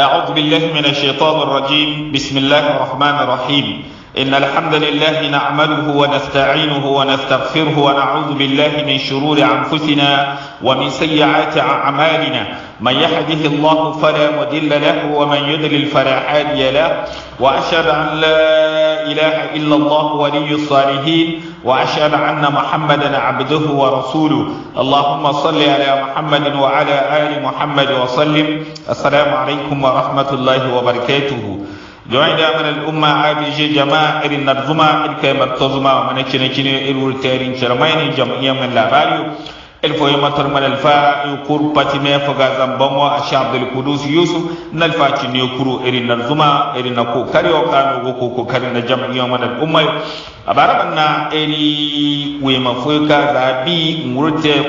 أعوذ بالله من الشيطان الرجيم بسم الله الرحمن الرحيم إن الحمد لله نعمله ونستعينه ونستغفره ونعوذ بالله من شرور أنفسنا ومن سيئات أعمالنا من يهده الله فلا مضل له ومن يضلل فلا هادي له وأشهد أن لا إله إلا الله ولي الصالحين واشهد ان محمدا عبده ورسوله اللهم صل على محمد وعلى ال محمد وسلم السلام عليكم ورحمه الله وبركاته جوين من الأمة عادي جي جماع إلي نظمة إلي كيما تظمة ومن أجنى جنى إلي ورتارين جرمين جمعية من لا باليو el fo yema tor mal alfa kur pati me fo ga zambongo a sha abdul kudus yusuf nal fa ci ne kuru eri na zuma eri na ko kari o kanu go ko ko kari na jam yo man al ummay abara banna eri we ma fo ka zabi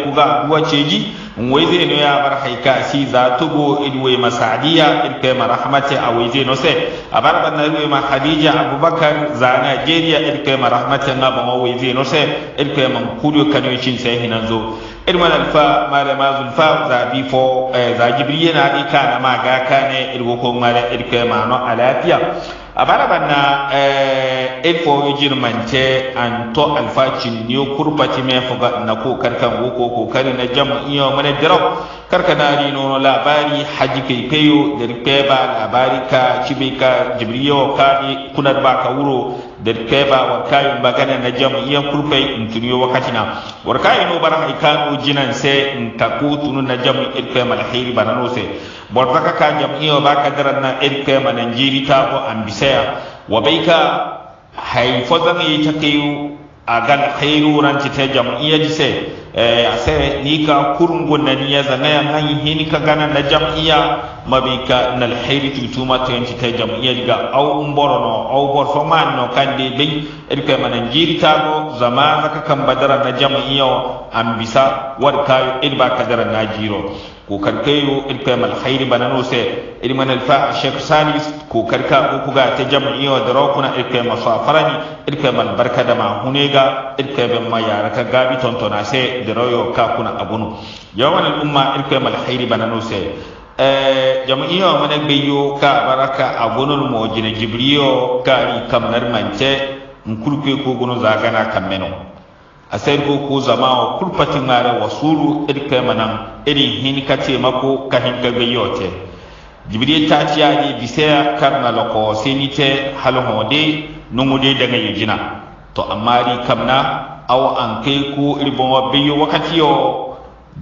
ku ga duwa ceji wayde no ya bar hayka si za tugo idwe masadiya ma rahmati a wayde no se abar na irwe ma khadija abubakar za nigeria ma rahmati na ba wayde no se ma man kudu kanyo cin sai hinan zo irman alfa mare ma zulfa za bi fo eh, za jibriya na ikana ma ga ne? irgo ko mare irke ma no alafiya a abarabana eh, ifo yujir mance an to alfacin ne kurbati mai fuga na ko kan ko ko kari na jam iya mana jirau karka na no labari haji kai peyo da rikpe ba labari ka cibe ka jibriyo ka ni kunar ba ka wuro der wa warkayu bagana na jam iya in ntuniyo wakati na warkayu no bara ikanu jinan se ntaku tunu na jam irpe mal khiri banano se bortaka ka jam iya ba kadara na irpe manan jiri ta ko ambisaya wa baika hay fozan yi takiyu gan khairu ranci ta jam'iyya jise eh, sai ni ka kurungo na niya zangaya hanyi ka gana na jam'iyya mabika na alkhairi tutuma ta yanci ta jam'iyya ga au umboro no au bor foman no kandi bin irka mana jiri tago zama kan badara na jam'iyya an bisa war ba ka kadara na jiro ko kan kayo irka mal khairi banano se irman alfa shek salis kokar ka kuga ta jam'i wa da rokuna irka ma safarani irka man barka da ma hunega irka ben ma yara ka gabi tontona sai da royo ka kuna abunu yawan al'umma irka mal khairi banano sai eh jam'i wa mana bayyo ka baraka abunul mojina jibriyo kari kamar mance nkurkwe ko gunu zagana kameno a sayar ko zama wa kurfatin mara wasuru irka manan irin hin ka ce mako ka hin ka gayyote jibril ta tiya ni bisa karna la ko senite hal honde nungude daga yujina to amari kamna awa an kai ko irbon wabbe yo wakati yo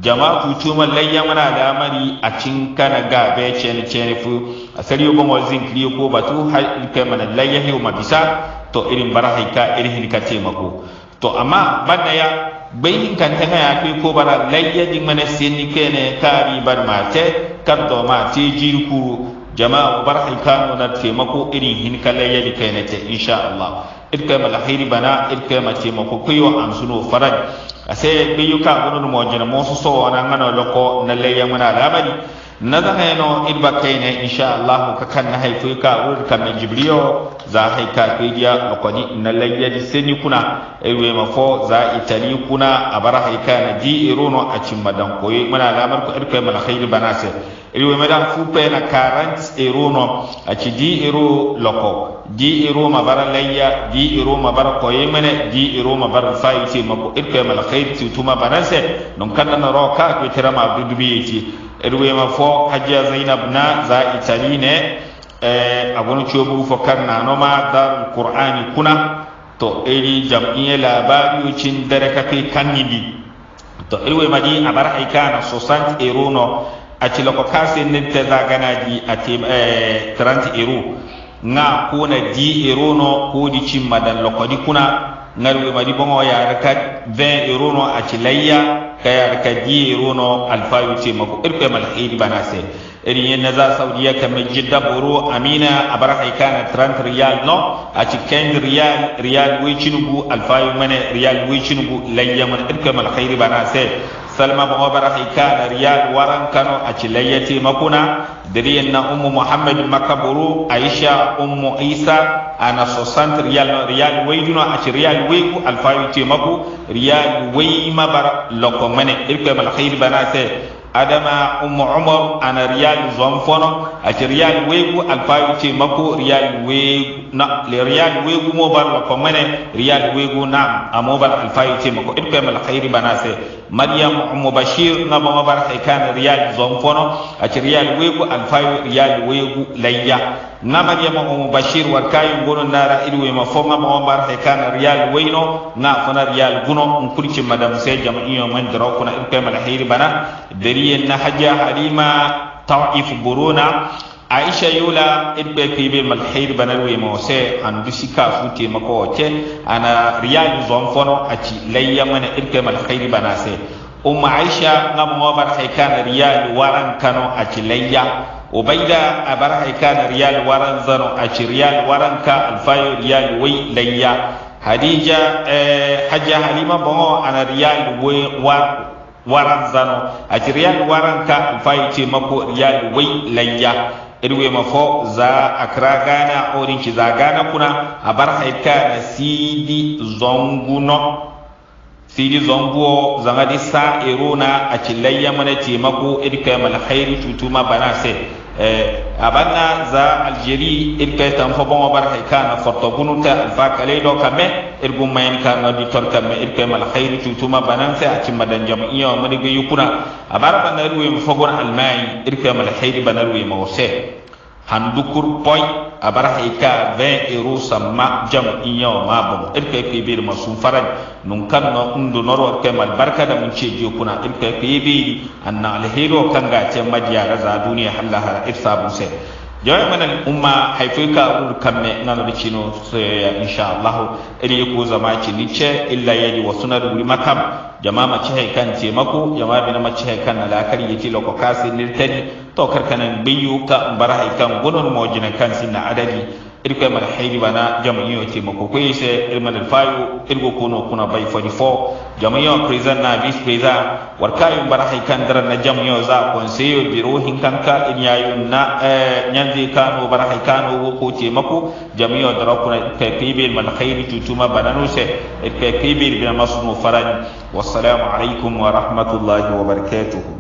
jama'atu tuma layya mana da amari a cin kana ga be cene cene fu a yo bon wazin kliyo ko batu hay kai mana layya he ma bisa to irin haika irin hin ka te mako to amma banna ya bayin kan ta ya ke ko bara layya di mana sinni kene kari bar mate kar do ma te jirku jama'a bar halkano na taimako irin hin ka layya di kene te insha Allah irka ma lahiri bana irka ma taimako kuyo an suno farad ase bayuka gonon mo jina mo so so wana ngana loko na layya mana labari nazaheno irba kayne inchallah kai ne insha Allah ka wurin ka na jibriyo za hay ka koydiya lokodi na layyadi sani kuna ewe mafo fo za itali kuna a abara hay na di irono a cimma dankoye mana lamar ko irkoye mana hayri banase iri wema dan na pena irono a aci di iru loko di iru bar layya di iru bar koyi mene di iru mabara fayi ti mako irkoye mana hayri tutuma banase non kan na roka ka koytirama dudubi ci. ruwema fo hajiya zainab na za itali ne eh, a agonu cobo fo karna noma da qur'ani kuna to eri jam'iyya labari cin dare ka kai kannidi to ma di abar aika na sosan no a cilako kase ne ta zagana di a eh, 30 euro nga kuna di no ko di cin madan lokodi kuna ma di bongo ya ka 20 euro no a cilayya kayar ka giro no alfayu ce mako irko mal hidi bana se irin yin na za saudiya ka mai jidda boro amina a bar haika na 30 riyal no a cikin riyal riyal wichinugu alfayu mana riyal wichinugu layya man irko mal hidi bana se salma bogo bara hikana riyal waran kano acila yati makuna diri na ummu muhammad makaburu aisha ummu isa ana so sant riyal riyal wayduno aci riyal wayku alfawi ti maku riyal wayma bara loko mane irko mal khayr bana se adama ummu umar ana riyal zon fono aci riyal wayku alfawi ti maku riyal wayku na le riyal wegu mo bar la ko mene riyal wegu na amo bar al fayti mako ko edko mal khairi banase maryam ummu bashir na ba mo bar hay kan riyal zon fono a ci riyal wegu al fayu riyal wegu layya na maryam ummu bashir war kay ngono nara we ma fo ma ba bar hay kan riyal weyno na fona riyal guno on kulci madam se iyo man daro kuna edko mal khairi bana dariyen na hajja halima tawif buruna aisha yola it be kebe mal hayr banal we mo se an dusi ka fute mako ce ana uh, zon fono aci layya mana it ke bana se umma aisha ngam waran kano aci layya ubaida abar hay waran zano aci waran ka alfayo wai layya hadija eh, hajja halima bongo ana wai waran zano aci waran ka alfayo ce mako wai layya irwe mafo za za kira gana orin ki za gana kuna a bar haifka na sidi zonguno sidi zonguo zanga di sa iruna a cilayya mana taimako irka mal khairu tutuma bana sai Eh, abanna za algérie ir kay tan fo bon bar hay kana forto gunuta alfa kale do kame ir gum mayen kana di tor kame ir kay mal khairu tutuma banan se ati madan jam iyo mani ge yukuna abara banar wi fo gon almai ir kay mal khairu banar wi mawse handukur point abara ika 20 iru sama jam inya wa mabum irka ke bir masun faran nun kan no undu norwa ke mal barka da mun ce je kuna irka ke bi anna alhero kan ga ce madiya raza duniya halla har irsa buse jawai mana umma haifai ka ul kamme na kino insha Allah iri ko zama ci ni ce illa yadi wasuna da makam jama mace haikan kan ce mako jama bi na hai kan na lakar yiti loko kasi nirtani to karkanan biyu ka bara kan gunun mojina kan sin na adadi ir ko mar hayri bana jama'iyo ce mako ko ise ir man fayu ir go kono kuna bay fari fo jama'iyo president na vice president war kayu bar hay kan dara na za conseil biro hin kan ka in yayu na eh, nyanzi kano bar hay kano go ko ce mako jama'iyo dara kuna kai kibe man hayri tutuma bana no se ir kai kibe bin masnu wassalamu alaikum wa rahmatullahi wa barakatuh